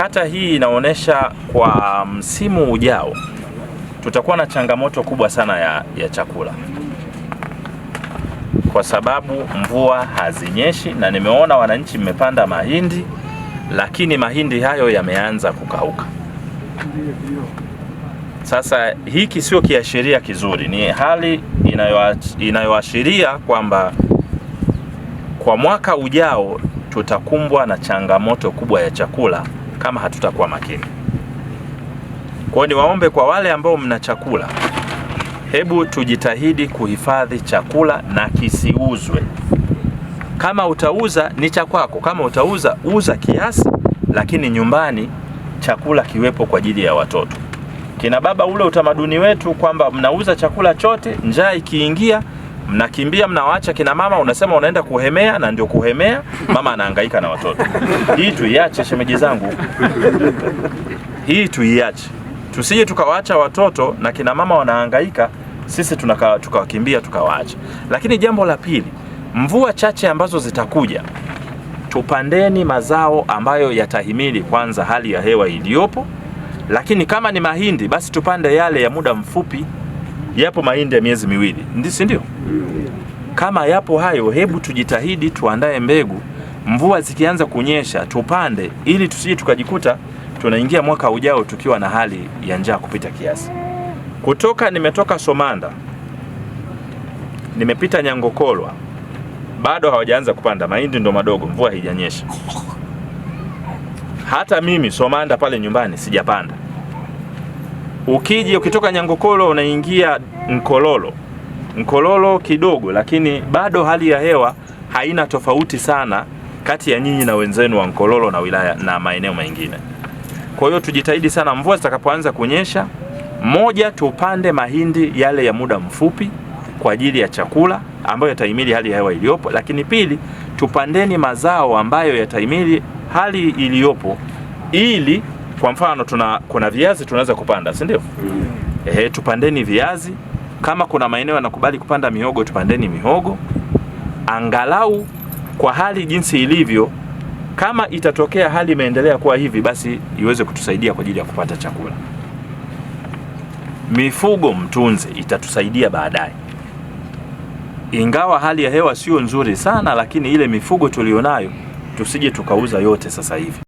Kata hii inaonyesha kwa msimu ujao tutakuwa na changamoto kubwa sana ya, ya chakula kwa sababu mvua hazinyeshi, na nimeona wananchi mmepanda mahindi, lakini mahindi hayo yameanza kukauka. Sasa hiki sio kiashiria kizuri, ni hali inayoashiria kwamba kwa mwaka ujao tutakumbwa na changamoto kubwa ya chakula kama hatutakuwa makini. Kwa ni niwaombe kwa wale ambao mna chakula, hebu tujitahidi kuhifadhi chakula na kisiuzwe. Kama utauza ni cha kwako, kama utauza uza kiasi, lakini nyumbani chakula kiwepo kwa ajili ya watoto. Kina baba, ule utamaduni wetu kwamba mnauza chakula chote, njaa ikiingia mnakimbia mnawaacha kina mama, unasema unaenda kuhemea, na ndio kuhemea, mama anahangaika na watoto. Hii tuiache shemeji zangu, hii tuiache, tusije tukawaacha watoto na kina mama wanahangaika, sisi tukawakimbia tukawaacha. Lakini jambo la pili, mvua chache ambazo zitakuja, tupandeni mazao ambayo yatahimili kwanza hali ya hewa iliyopo, lakini kama ni mahindi basi tupande yale ya muda mfupi yapo mahindi ya miezi miwili, si ndio? Kama yapo hayo, hebu tujitahidi tuandae mbegu, mvua zikianza kunyesha tupande, ili tusije tukajikuta tunaingia mwaka ujao tukiwa na hali ya njaa kupita kiasi. Kutoka nimetoka Somanda, nimepita Nyangokolwa, bado hawajaanza kupanda mahindi, ndo madogo, mvua haijanyesha. Hata mimi Somanda pale nyumbani sijapanda ukiji ukitoka Nyangokolo unaingia Nkololo, Nkololo kidogo, lakini bado hali ya hewa haina tofauti sana kati ya nyinyi na wenzenu wa Nkololo na wilaya na maeneo mengine. Kwa hiyo tujitahidi sana, mvua zitakapoanza kunyesha, moja, tupande mahindi yale ya muda mfupi kwa ajili ya chakula ambayo yatahimili hali ya hewa iliyopo, lakini pili, tupandeni mazao ambayo yatahimili hali iliyopo ili kwa mfano tuna kuna viazi tunaweza kupanda, si ndio? Mm. E, tupandeni viazi. Kama kuna maeneo yanakubali kupanda mihogo, tupandeni mihogo. Angalau kwa hali jinsi ilivyo, kama itatokea hali imeendelea kuwa hivi, basi iweze kutusaidia kwa ajili ya kupata chakula. Mifugo mtunze, itatusaidia baadaye. Ingawa hali ya hewa sio nzuri sana, lakini ile mifugo tulionayo tusije tukauza yote sasa hivi.